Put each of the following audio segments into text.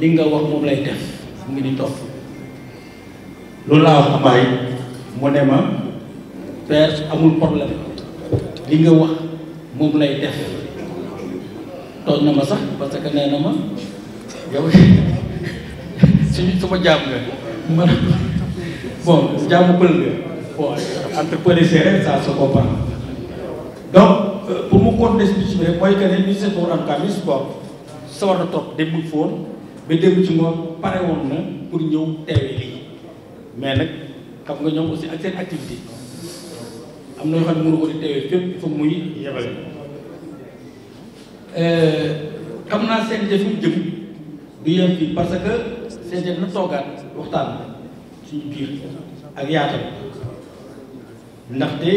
li nga wax moom lay def mu ngi di topp loolu laa wax Ablaye mu ne ma père amul problème li nga wax moom lay def tooñ na ma sax parce que nee na ma yow suñu suma jaam nga man bon jaamu bël nga bon entre peu de séeréer ça se comprend donc euh, pour mu si biir mooy que ne ñu seetlu woon am kamis bon sawar na toog dem mu fóon ba démb ci ngoon pare woon na pour ñëw teewe lii mais nag xam nga ñoom aussi ak seen activité am na yoo xam ne mënu ko di teewee fépp fa muy yebale euh, xam naa CNG fi mu jëm du yem fii parce que CNG na toogaat waxtaan suñu biir ak yaatal ndaxte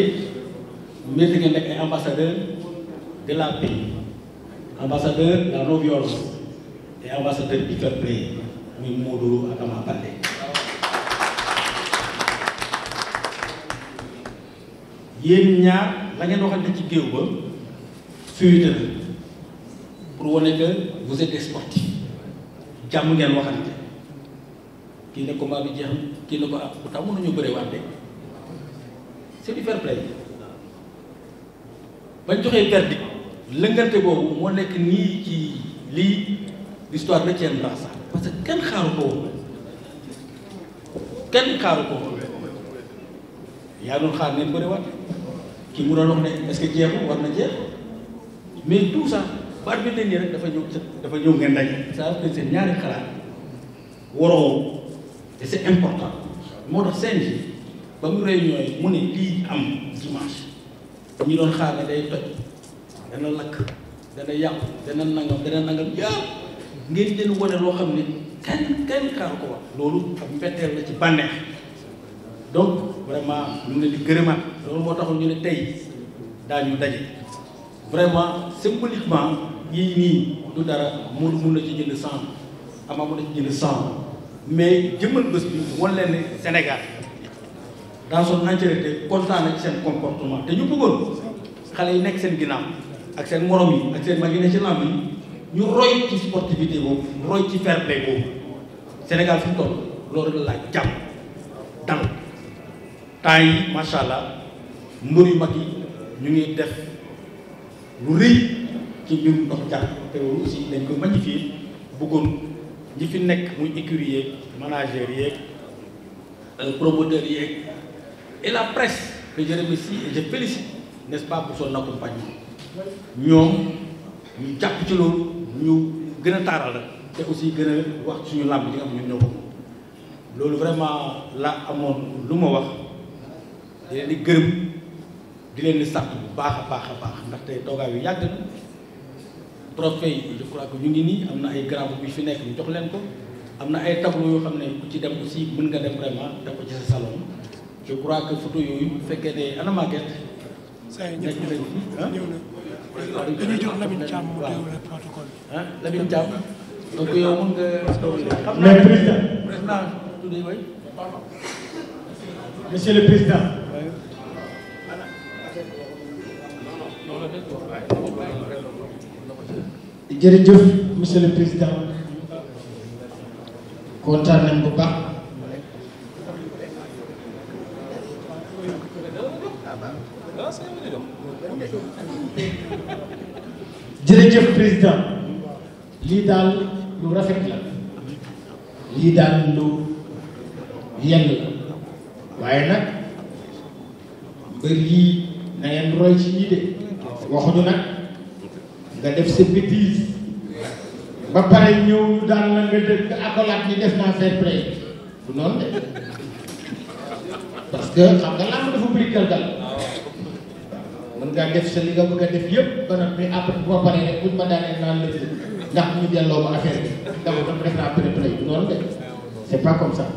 mérite ngeen nekk ay ambassadeur de la paix ambassadeur de la et ambassadeur bi fair play muy Modou Lô ak ci géew ba fuite la pour wane ngeen waxante kii ne combat bi jeex kii ne ko ak bu tax joxee verdict lëngante boobu moo nekk nii ci lii l'histoire retiendra ça parce que kenn xaaru ko woon kenn xaaru ko woon yaa doon xaar neen bëri waat kii mu doon wax que jeexul war na jeex mais tout ça baat bi leen ñi rek dafa ñëw dafa ñëw ngeen daje ça veut dire seen ñaari xalaat waroo te c'est important moo tax CNG ba mu réunion yi mu ne lii am dimanche ñu doon xaar ne day toj dana lakk dana yàqu dana nangam dana nangam yàpp ngeen leen wane loo xam ne kenn kenn xaaru ko wax loolu ak mbetteel la ci bànneex donc vraiment ñu ngi leen di gërëmaat loolu moo taxoon ñu ne tey daañu daje vraiment symboliquement yii nii du dara mu mun na ci jënd sang amaa mun na ci jënd sang mais jëmmal bés bi wan leen ne Sénégal dans son entièreté kontaan na ci seen comportement te ñu bëggoon xale yi nekk seen ginnaaw ak seen morom yi ak seen mag yi ci lamb yi ñu roy ci sportivité boobu roy ci fair play boobu Sénégal fi loolu la jàmm dal temps yi macha allah mbër yu mag yi ñu ngi def lu rëy ci mbirum ndox jàmm te loolu aussi dañ koy magnifier bëggoon ñi fi nekk muy écurie yeeg manager yeeg euh, promoteur yeeg et la presse que je remercie et n'est-ce pas pour son accompagnement ñoom ñu jàpp ci loolu. ñu gën a taaral rek te aussi gën a wax suñu làmb ji nga xam ñun ko ko loolu vraiment laa amoon lu ma wax di leen di gërëm di leen di sant bu baax a baax a baax ndaxte toogaay yu yàgg na trophée yi je crois que ñu ngi nii am na ay grand bi fi nekk ñu jox leen ko am na ay tableau yoo xam ne ku ci dem aussi mën nga dem vraiment def ko ci sa salon je crois que photo yooyu bu fekkee ne ana yi ñëw dañuy jox Lamine Thiam mu déroulé protocole bi. ah Lamine monsieur le président. jërëjëf monsieur le président kontaan nañ bu jërëjëf président lii daal lu rafet la lii daal lu yell la waaye nag mbër na ngeen ci ñii de waxuñu nag nga def sa bêtise ba pare ñëw daal la nga dëkk accolade ni def naa fair play de parce que xam nga nga def sa li nga bëgg a def yëpp ba nag mais après bu ma paree rek buñ ma daanee naan la fi ndax ñu delloo ma affaire bi ndax dama def naa pré-pré du noonu de c'est pas comme ça.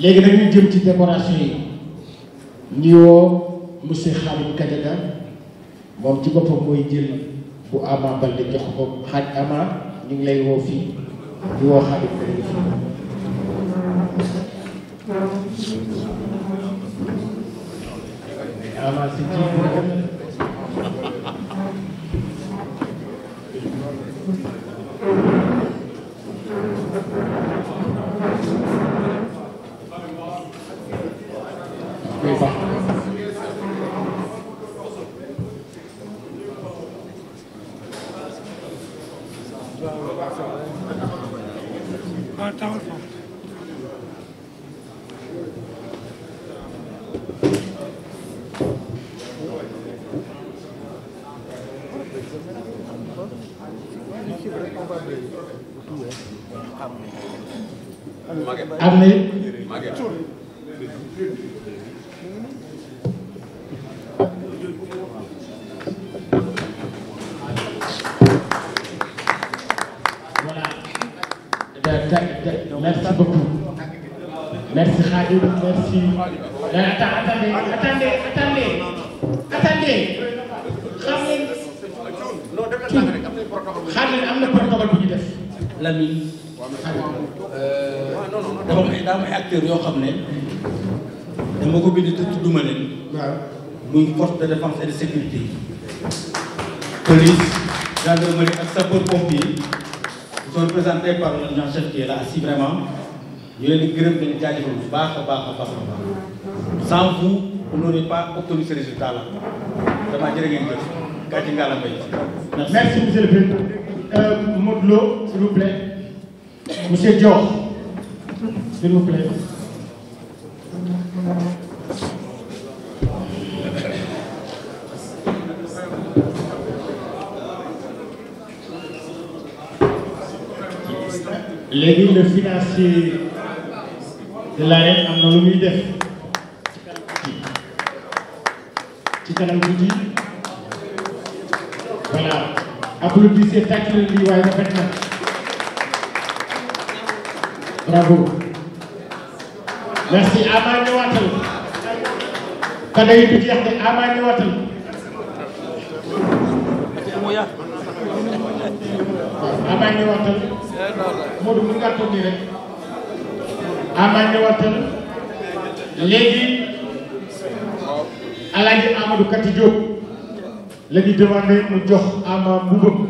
léegi dañuy jëm ci décoration yi ñu woo monsieur Khalid Kadiaga moom ci boppam mooy jël bu Ama Baldé jox ko xaaj Ama ñu lay woo fii di woo xaajut ko ñu fii Ama si jiitu ko Thank am na it merci beaucoup merci Khadim merci attendez attendez attendez attendez xam ngeen ci xaar leen am na protocole bu ñu def Lamine euh, dafa yoo xam ne dama ko bind te tudduma leen muy force de défense et de sécurité police gendarmerie ak sapeur pompier ils sont représentés par le ñan chef qui si vraiment ñu leen di gërëm leen jaajëfal bu baax a baax a baax baax sans vous vous n'aurez pas résultat là vraiment jërë ngeen jëf gàcce ngàllam bay. merci monsieur le président. Euh, Modou Lo s'il vous plaît. monsieur Dior s'il vous plaît. léegi le financier de l'AREP am na lu muy def ci kanam tuuti voilà applaudissez tàcc leen lii waaye rafet na bravo merci Ama ñëwaatal kada yi du jeex de Ama ñëwaatal waaw Ama ñëwaatal Modou mën ngaa toog nii rek Ama ñëwaatal léegi Alaaji Amadou Kati Diop la ñu demandé mu jox ama mbubbam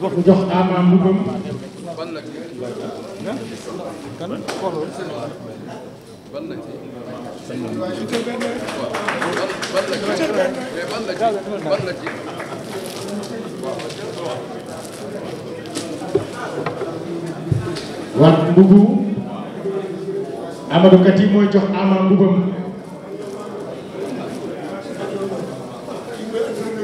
mbubb jox ama mbubbam wax mbubu Amadou Kati mooy jox ama mbubbam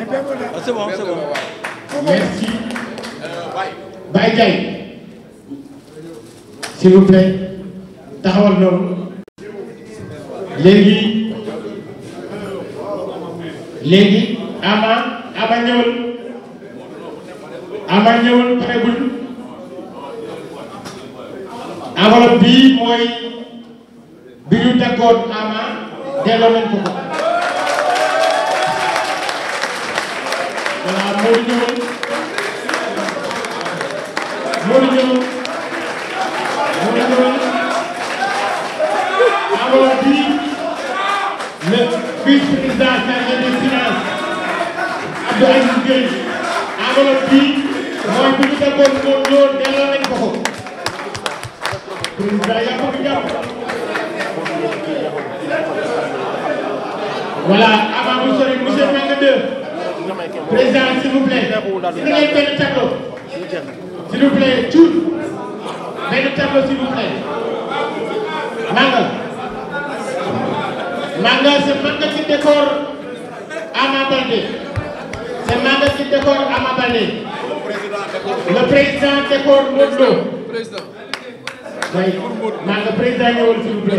Ah, c'est bon, c'est bon. Merci. Euh, taxawal loolu léegi léegi ama ama ñëwal ama ñëwal paregul enveloppe bii mooy bi ñu teggoon ama delloo nañ ko ko voilà Modou ñëwal Modou ñëwal Modou ñëwal di le vice-président chargé des finances Abdou Aziz Gueye di mooy bu ñu defoon moom loolu delloo nañ ko ko président s'il vous plaît si ngay benn tableau s'il vous plaît cuut benn tableau s'il vous plaît Manga Manga c'est Manga qui décore Ama Baldé c'est Manga qui décore Ama Baldé le président décore Modou Lô oui Manga président ñëwal s'il vous plaît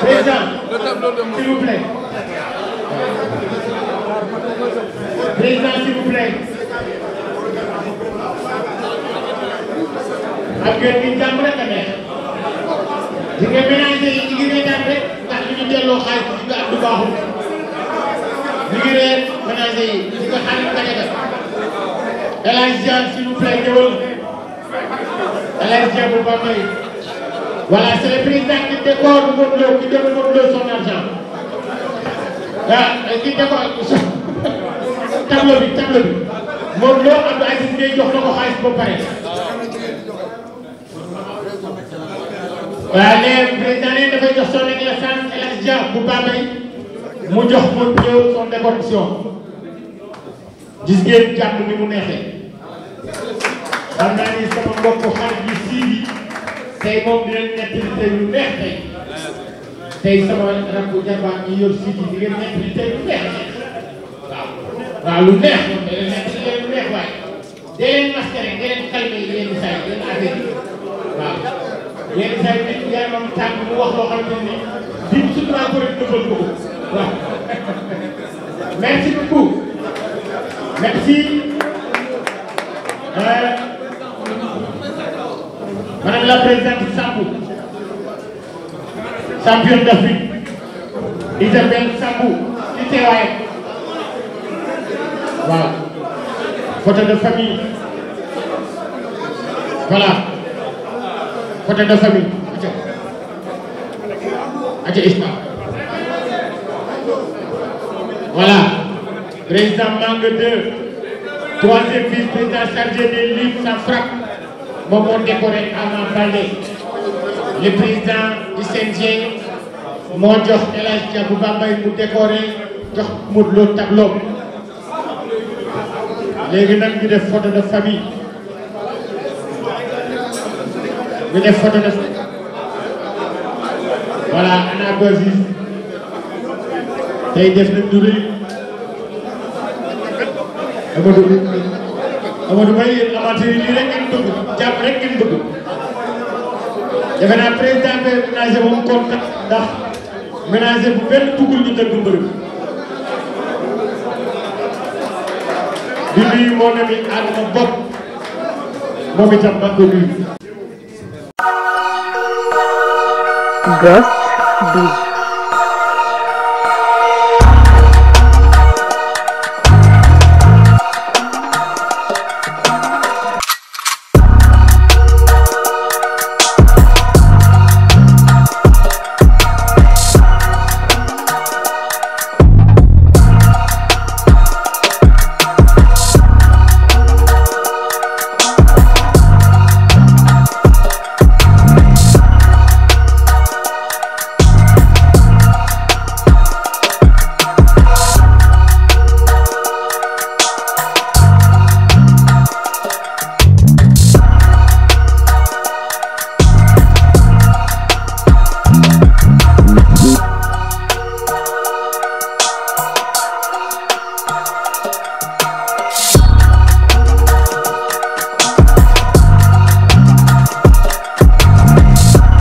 président s'il vous plaît Président, s'il vous plaît. ak yow mii jàmm rek a neex. di nga ménager yi ñu ngi réer jàpp rek ndax ñu ngi delloo xaalis bi nga am du baaxul. ñu ngi réer ménager yi di nga xaalis bañ a def. El Hadj Diagne s'il vous plaît ñëwal. El Hadj Diagne bu Bambey. voilà c'est le président qui décore Modou Lo qui donne Modou Lo son argent. waaw ki décor tableau bi tableau bi moom loo Abdou Aziz ngay jox na ko xaalis ba pare. waaw léegi président dafay jox son excellence El Hadj Dia bu Bambey mu jox mu ñëw son décoration gis ngeen jàpp ni mu neexee. xam naa ni sama mbokku xarit yi sii bi tey moom dinañ nekk tey lu neex tey sama rakk bu jarbaat yi yor si di ngeen nekk di tey lu neex waaw waaw lu neex moom da leen nekk di tey lu neex waaye da leen mascaré da leen calmé yenn saa yi leen affaire yi waaw yenn saa yi nit yaramam tàng mu wax loo xam ne ne dim sutnaa ko rek dëfal ko waaw merci beaucoup merci euh, madame la présidente Sambou champion d'Afrique Isabelle Sambou ci waaw photo de famille voilà photo de famille aca isma voilà président Manga 2 troisième vice-président chargé des livres ça frappe moom moo décoré Ama Baldé le président du CNG moo jox El Hadj Dia bu Bambey mu décoré jox Modou Lo tableau léegi nag ñu def photo de famille ñu def photo de voilà ana dosis tey def na du rëy Amadou Amadou Mbaye amateur yi lii rek ngeen bëgg jàpp rek ngeen bëgg defe naa président bi ménager ba mu kontaan ndax ménager bu benn duggul ñu dëgg mbërëb di nuyu moo ne mi Adama bopp moom itam maa ngi ko nuyu. Gos